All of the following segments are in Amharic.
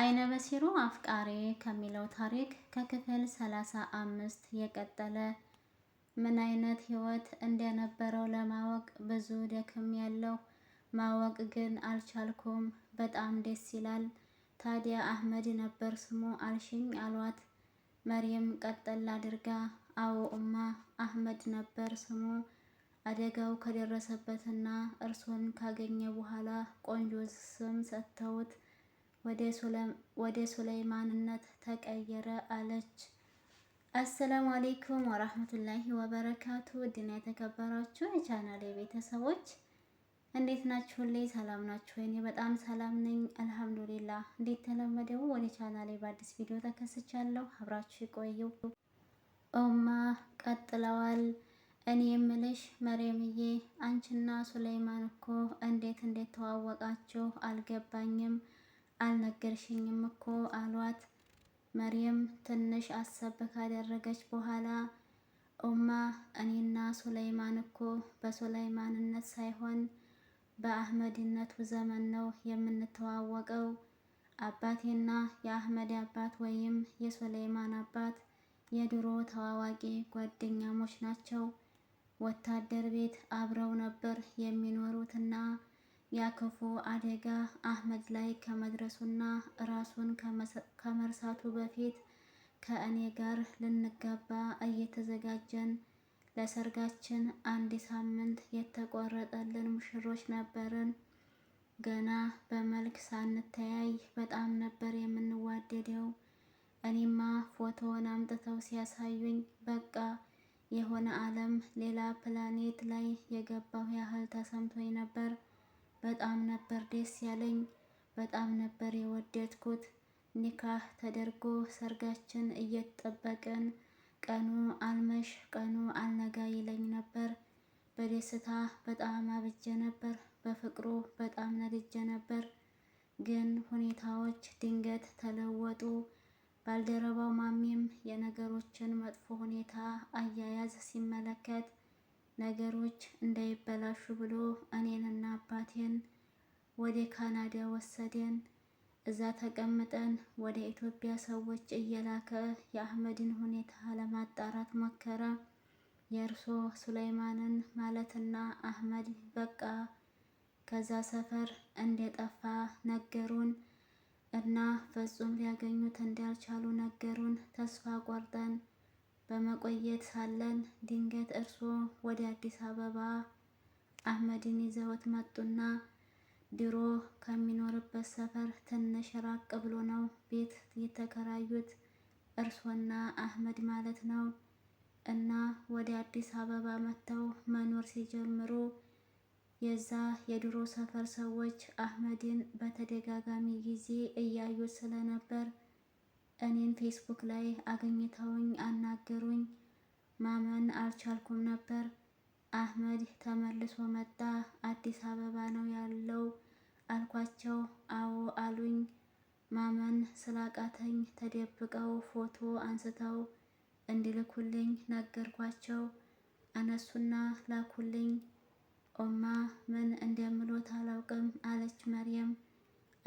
አይነ በሲሩ አፍቃሬ ከሚለው ታሪክ ከክፍል ሰላሳ አምስት የቀጠለ። ምን አይነት ህይወት እንደነበረው ለማወቅ ብዙ ደክም ያለው ማወቅ ግን አልቻልኩም። በጣም ደስ ይላል። ታዲያ አህመድ ነበር ስሙ አልሽኝ አሏት። መሪም ቀጠል አድርጋ አዎ እማ አህመድ ነበር ስሙ አደጋው ከደረሰበትና እርሶን ካገኘ በኋላ ቆንጆ ስም ሰጥተውት ወደ ሱለይማንነት ተቀየረ አለች። አሰላሙ አሌይኩም ወራህመቱላሂ ወበረካቱ። ውድና የተከበራችሁ የቻናሌ ቤተሰቦች እንዴት ናችሁ? ሁሌ ሰላም ናችሁ እኔ በጣም ሰላም ነኝ አልሐምዱሊላ። ተለመደው ወደ ቻናሌ በአዲስ ቪዲዮ ተከስቻለሁ። አብራችሁ ይቆየው ኦማ ቀጥለዋል። እኔ የምልሽ መሬምዬ አንቺና ሱለይማን እኮ እንዴት እንደተዋወቃችሁ አልገባኝም። አልነገርሽኝም እኮ አሏት። መርየም ትንሽ አሰብ ካደረገች በኋላ ኡማ እኔና ሱለይማን እኮ በሱለይማንነት ሳይሆን በአህመድነቱ ዘመን ነው የምንተዋወቀው። አባቴና የአህመድ አባት ወይም የሱለይማን አባት የድሮ ተዋዋቂ ጓደኛሞች ናቸው። ወታደር ቤት አብረው ነበር የሚኖሩትና ያክፉ አደጋ አህመድ ላይ ከመድረሱና ራሱን ከመርሳቱ በፊት ከእኔ ጋር ልንጋባ እየተዘጋጀን ለሰርጋችን አንድ ሳምንት የተቆረጠልን ሙሽሮች ነበርን። ገና በመልክ ሳንተያይ በጣም ነበር የምንዋደደው። እኔማ ፎቶውን አምጥተው ሲያሳዩኝ በቃ የሆነ ዓለም ሌላ ፕላኔት ላይ የገባሁ ያህል ተሰምቶኝ ነበር። በጣም ነበር ደስ ያለኝ። በጣም ነበር የወደድኩት። ኒካህ ተደርጎ ሰርጋችን እየተጠበቅን ቀኑ አልመሽ ቀኑ አልነጋ ይለኝ ነበር። በደስታ በጣም አብጀ ነበር። በፍቅሩ በጣም ነድጀ ነበር። ግን ሁኔታዎች ድንገት ተለወጡ። ባልደረባው ማሚም የነገሮችን መጥፎ ሁኔታ አያያዝ ሲመለከት ነገሮች እንዳይበላሹ ብሎ እኔንና አባቴን ወደ ካናዳ ወሰደን። እዛ ተቀምጠን ወደ ኢትዮጵያ ሰዎች እየላከ የአህመድን ሁኔታ ለማጣራት ሞከረ። የእርሶ ሱለይማንን ማለትና አህመድ በቃ ከዛ ሰፈር እንደጠፋ ነገሩን እና ፍጹም ሊያገኙት እንዳልቻሉ ነገሩን። ተስፋ ቆርጠን በመቆየት ሳለን ድንገት እርሶ ወደ አዲስ አበባ አህመድን ይዘውት መጡና ድሮ ከሚኖርበት ሰፈር ትንሽ ራቅ ብሎ ነው ቤት የተከራዩት እርሶና አህመድ ማለት ነው። እና ወደ አዲስ አበባ መጥተው መኖር ሲጀምሩ የዛ የድሮ ሰፈር ሰዎች አህመድን በተደጋጋሚ ጊዜ እያዩት ስለነበር እኔን ፌስቡክ ላይ አግኝተውኝ አናገሩኝ። ማመን አልቻልኩም ነበር። አህመድ ተመልሶ መጣ። አዲስ አበባ ነው ያለው አልኳቸው። አዎ አሉኝ። ማመን ስላቃተኝ ተደብቀው ፎቶ አንስተው እንዲልኩልኝ ነገርኳቸው። አነሱና ላኩልኝ። ኦማ ምን እንደምሎት አላውቅም አለች መርየም።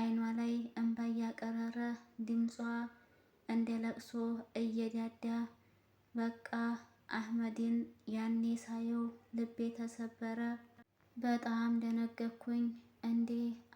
አይኗ ላይ እንባ እያቀረረ ድምጿ እንደ ለቅሶ እየዳዳ በቃ አህመድን ያኔ ሳየው ልቤ ተሰበረ። በጣም ደነገኩኝ። እንዴ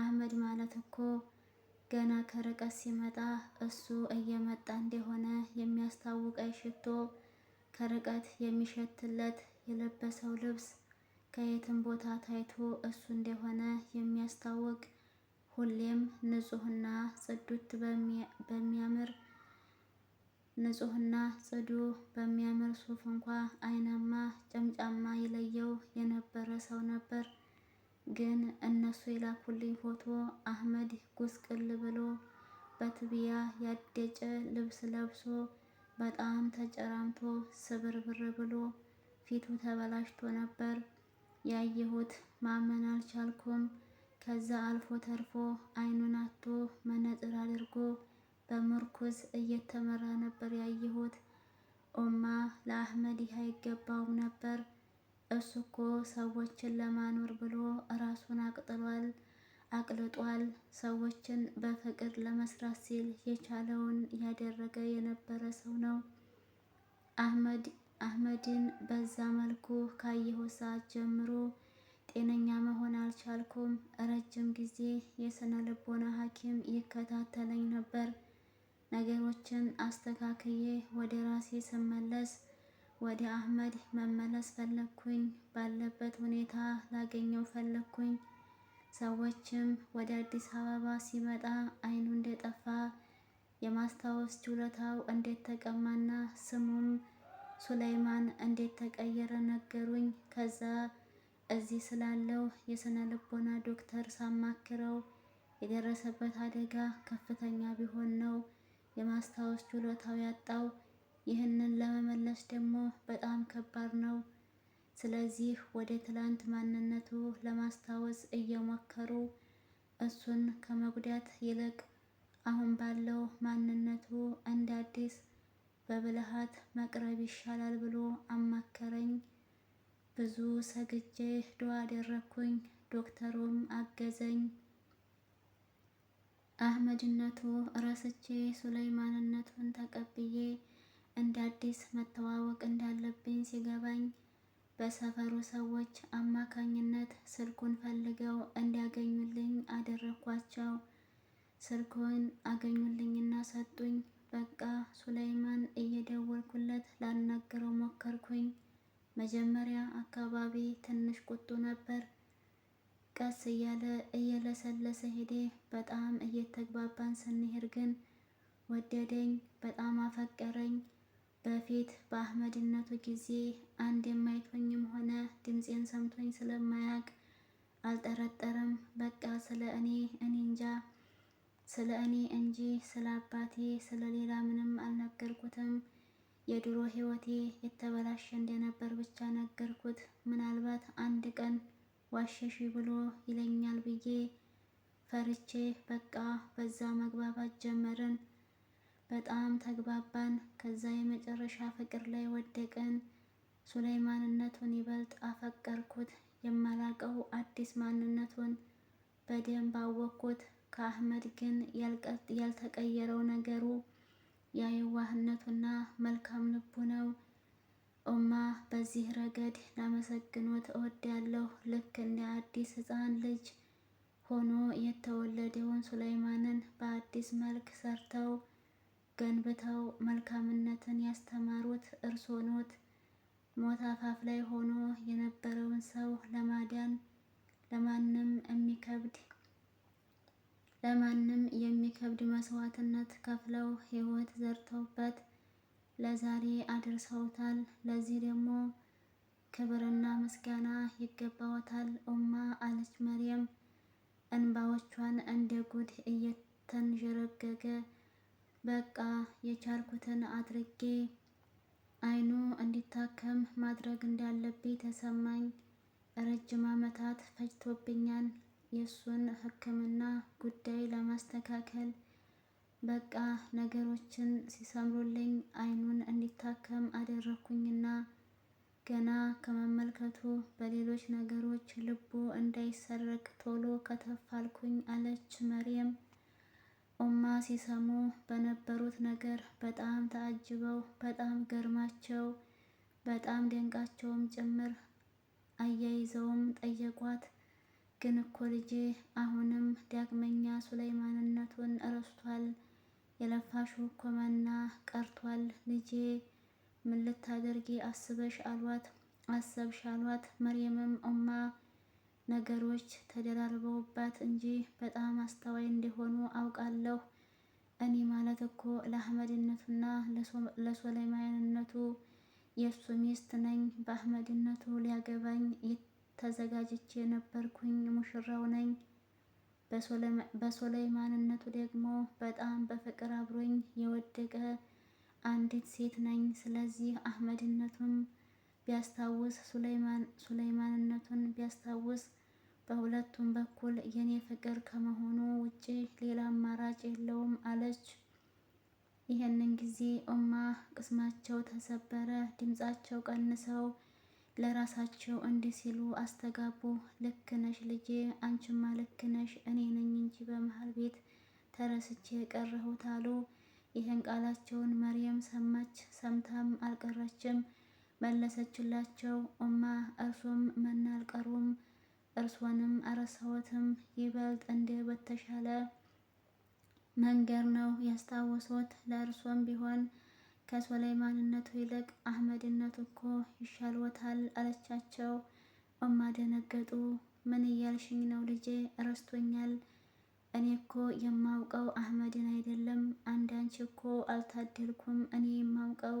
አህመድ ማለት እኮ ገና ከርቀት ሲመጣ እሱ እየመጣ እንደሆነ የሚያስታውቀኝ ሽቶ፣ ከርቀት የሚሸትለት የለበሰው ልብስ ከየትም ቦታ ታይቶ እሱ እንደሆነ የሚያስታውቅ ሁሌም ንጹህና ጽዱት በሚያምር ንጹህና ጽዱ በሚያምር ሱፍ እንኳ አይናማ ጨምጫማ ይለየው የነበረ ሰው ነበር። ግን እነሱ የላኩልኝ ፎቶ አህመድ ጉስቅል ብሎ በትቢያ ያደጨ ልብስ ለብሶ በጣም ተጨራምቶ ስብርብር ብሎ ፊቱ ተበላሽቶ ነበር ያየሁት። ማመን አልቻልኩም። ከዛ አልፎ ተርፎ አይኑን አቶ መነጽር አድርጎ በምርኩዝ እየተመራ ነበር ያየሁት። ኦማ ለአህመድ ይህ አይገባውም ነበር። እሱ እኮ ሰዎችን ለማኖር ብሎ ራሱን አቅጥሏል አቅልጧል። ሰዎችን በፍቅር ለመስራት ሲል የቻለውን ያደረገ የነበረ ሰው ነው። አህመድን በዛ መልኩ ካየሁ ሰዓት ጀምሮ ጤነኛ መሆን አልቻልኩም። ረጅም ጊዜ የስነ ልቦና ሐኪም ይከታተለኝ ነበር። ነገሮችን አስተካክዬ ወደ ራሴ ስመለስ ወደ አህመድ መመለስ ፈለግኩኝ። ባለበት ሁኔታ ላገኘው ፈለግኩኝ። ሰዎችም ወደ አዲስ አበባ ሲመጣ አይኑ እንደጠፋ የማስታወስ ችሎታው እንዴት ተቀማና ስሙም ሱላይማን እንዴት ተቀየረ ነገሩኝ። ከዛ እዚህ ስላለው የስነ ልቦና ዶክተር ሳማክረው የደረሰበት አደጋ ከፍተኛ ቢሆን ነው የማስታወስ ችሎታው ያጣው። ይህንን ለመመለስ ደግሞ በጣም ከባድ ነው። ስለዚህ ወደ ትላንት ማንነቱ ለማስታወስ እየሞከሩ እሱን ከመጉዳት ይልቅ አሁን ባለው ማንነቱ እንደ አዲስ በብልሃት መቅረብ ይሻላል ብሎ አማከረኝ። ብዙ ሰግጄ ዱዓ አደረኩኝ። ዶክተሩም አገዘኝ። አህመድነቱ ረስቼ ሱለይማንነቱን ተቀብዬ እንደ አዲስ መተዋወቅ እንዳለብኝ ሲገባኝ በሰፈሩ ሰዎች አማካኝነት ስልኩን ፈልገው እንዲያገኙልኝ አደረኳቸው። ስልኩን አገኙልኝና ሰጡኝ። በቃ ሱለይማን እየደወልኩለት ላናግረው ሞከርኩኝ። መጀመሪያ አካባቢ ትንሽ ቁጡ ነበር። ቀስ እያለ እየለሰለሰ ሄዴ። በጣም እየተግባባን ስንሄድ ግን ወደደኝ፣ በጣም አፈቀረኝ። በፊት በአህመድነቱ ጊዜ አንድ የማይቶኝም ሆነ ድምፄን ሰምቶኝ ስለማያቅ አልጠረጠረም። በቃ ስለ እኔ እኔ እንጃ ስለ እኔ እንጂ ስለ አባቴ ስለ ሌላ ምንም አልነገርኩትም። የድሮ ህይወቴ የተበላሸ እንደነበር ብቻ ነገርኩት። ምናልባት አንድ ቀን ዋሸሽ ብሎ ይለኛል ብዬ ፈርቼ በቃ በዛ መግባባት ጀመርን። በጣም ተግባባን። ከዛ የመጨረሻ ፍቅር ላይ ወደቅን። ሱለይማንነቱን ይበልጥ አፈቀርኩት። የማላቀው አዲስ ማንነቱን በደንብ አወቅኩት። ከአህመድ ግን ያልተቀየረው ነገሩ የዋህነቱና መልካም ልቡ ነው። ኡማ በዚህ ረገድ ላመሰግኖት እወዳለሁ። ልክ እንደ አዲስ ህፃን ልጅ ሆኖ የተወለደውን ሱላይማንን በአዲስ መልክ ሰርተው ገንብተው መልካምነትን ያስተማሩት እርሶ ኖት። ሞት አፋፍ ላይ ሆኖ የነበረውን ሰው ለማዳን ለማንም የሚከብድ ለማንም የሚከብድ መስዋዕትነት ከፍለው ህይወት ዘርተውበት ለዛሬ አድርሰውታል። ለዚህ ደግሞ ክብርና ምስጋና ይገባዎታል ኡማ አለች መርየም። እንባዎቿን እንደ ጉድ እየተንዠረገገ በቃ የቻልኩትን አድርጌ አይኑ እንዲታከም ማድረግ እንዳለብኝ ተሰማኝ። ረጅም ዓመታት ፈጅቶብኛል የእሱን ሕክምና ጉዳይ ለማስተካከል በቃ ነገሮችን ሲሰምሩልኝ አይኑን እንዲታከም አደረኩኝና ገና ከመመልከቱ በሌሎች ነገሮች ልቡ እንዳይሰረቅ ቶሎ ከተፋልኩኝ አለች መሪየም። ኦማ ሲሰሙ በነበሩት ነገር በጣም ተአጅበው በጣም ገርማቸው በጣም ደንቃቸውም ጭምር አያይዘውም ጠየቋት። ግን እኮ ልጄ አሁንም ዳግመኛ ሱለይማንነቱን ረስቷል። የለፋሽው እኮ ቀርቷል ልጄ ምን ልታደርጊ አስበሽ አሏት አሰብሽ አሏት። መርየምም እማ ነገሮች ተደራርበውባት እንጂ በጣም አስተዋይ እንደሆኑ አውቃለሁ። እኔ ማለት እኮ ለአህመድነቱና ለሶለማንነቱ የእሱ ሚስት ነኝ። በአህመድነቱ ሊያገባኝ ተዘጋጅቼ ነበርኩኝ። ሙሽራው ነኝ። በሶለይማንነቱ ደግሞ በጣም በፍቅር አብሮኝ የወደቀ አንዲት ሴት ነኝ። ስለዚህ አህመድነቱን ቢያስታውስ ሱለይማንነቱን ቢያስታውስ በሁለቱም በኩል የኔ ፍቅር ከመሆኑ ውጪ ሌላ አማራጭ የለውም አለች። ይህንን ጊዜ ኦማ ቅስማቸው ተሰበረ። ድምጻቸው ቀንሰው ለራሳቸው እንዲህ ሲሉ አስተጋቡ። ልክ ነሽ ልጄ፣ አንቺማ ልክ ነሽ፣ እኔ ነኝ እንጂ በመሀል ቤት ተረስቼ የቀረሁት አሉ። ይህን ቃላቸውን መርየም ሰማች። ሰምታም አልቀረችም፣ መለሰችላቸው። እማ እርሱም መና አልቀሩም፣ እርሶንም አረሳዎትም። ይበልጥ እንደ በተሻለ መንገድ ነው ያስታወሱት። ለእርሶም ቢሆን ከሶላይማንነቱ ይልቅ አህመድነቱ እኮ ይሻልዎታል አለቻቸው። እማ ደነገጡ። ምን እያልሽኝ ነው ልጄ? ረስቶኛል። እኔ እኮ የማውቀው አህመድን አይደለም። አንዳንቺ እኮ አልታደልኩም። እኔ የማውቀው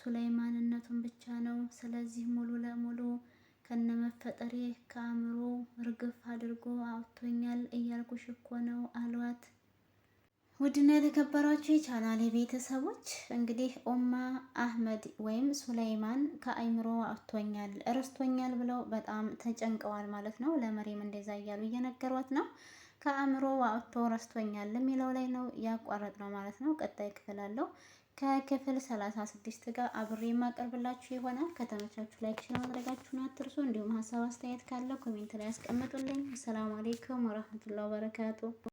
ሱላይማንነቱን ብቻ ነው። ስለዚህ ሙሉ ለሙሉ ከነመፈጠሬ ከአእምሮ ርግፍ አድርጎ አውጥቶኛል እያልኩሽ እኮ ነው አሏት። ውድና የተከበሯቸው የቻናሌ ቤተሰቦች እንግዲህ ኦማ አህመድ ወይም ሱላይማን ከአይምሮ አቶኛል እረስቶኛል ብለው በጣም ተጨንቀዋል ማለት ነው። ለመሪም እንደዛ እያሉ እየነገሯት ነው። ከአእምሮ አቶ ረስቶኛል የሚለው ላይ ነው ያቋረጥ ነው ማለት ነው። ቀጣይ ክፍል አለው ከክፍል 36 ጋር አብሬ የማቀርብላችሁ ይሆናል። ከተመቻችሁ ላይክ፣ ሼር ማድረጋችሁን አትርሱ። እንዲሁም ሀሳብ አስተያየት ካለ ኮሜንት ላይ ያስቀምጡልኝ። አሰላሙ አሌይኩም ወረህመቱላሂ ወበረካቱ።